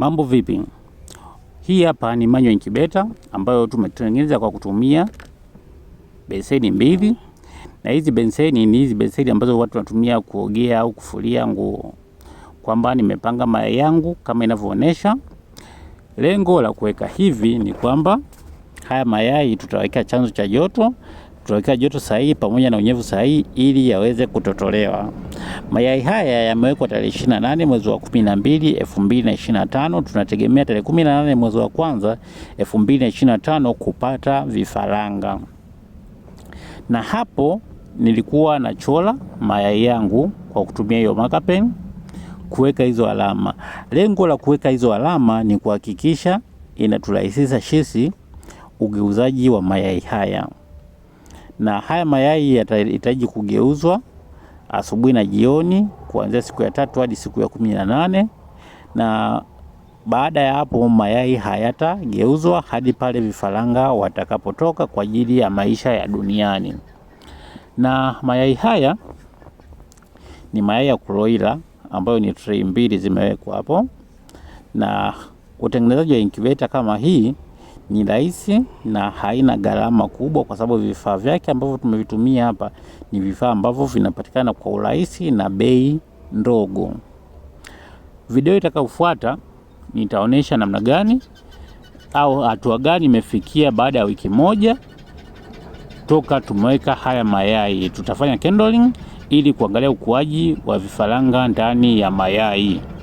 Mambo vipi? Hii hapa ni manual incubator ambayo tumetengeneza kwa kutumia beseni mbili, na hizi beseni ni hizi beseni ambazo watu wanatumia kuogea au kufulia nguo. Kwamba nimepanga mayai yangu kama inavyoonesha. Lengo la kuweka hivi ni kwamba haya mayai tutaweka chanzo cha joto tunawekewa joto sahihi pamoja na unyevu sahihi ili yaweze kutotolewa. Mayai haya yamewekwa tarehe 28 mwezi wa 12 2025. Tunategemea tarehe 18 mwezi wa kwanza 2025 kupata vifaranga, na hapo nilikuwa chola mayai yangu kwa kutumia hiyo marker pen kuweka hizo alama. Lengo la kuweka hizo alama ni kuhakikisha inaturahisisha sisi ugeuzaji wa mayai haya na haya mayai yatahitaji kugeuzwa asubuhi na jioni kuanzia siku ya tatu hadi siku ya kumi na nane na baada ya hapo mayai hayatageuzwa hadi pale vifaranga watakapotoka kwa ajili ya maisha ya duniani. Na mayai haya ni mayai ya kuroila ambayo ni trei mbili zimewekwa hapo, na utengenezaji wa incubator kama hii ni rahisi na haina gharama kubwa, kwa sababu vifaa vyake ambavyo tumevitumia hapa ni vifaa ambavyo vinapatikana kwa urahisi na bei ndogo. Video itakayofuata nitaonyesha namna gani au hatua gani imefikia baada ya wiki moja toka tumeweka haya mayai. Tutafanya candling ili kuangalia ukuaji wa vifaranga ndani ya mayai.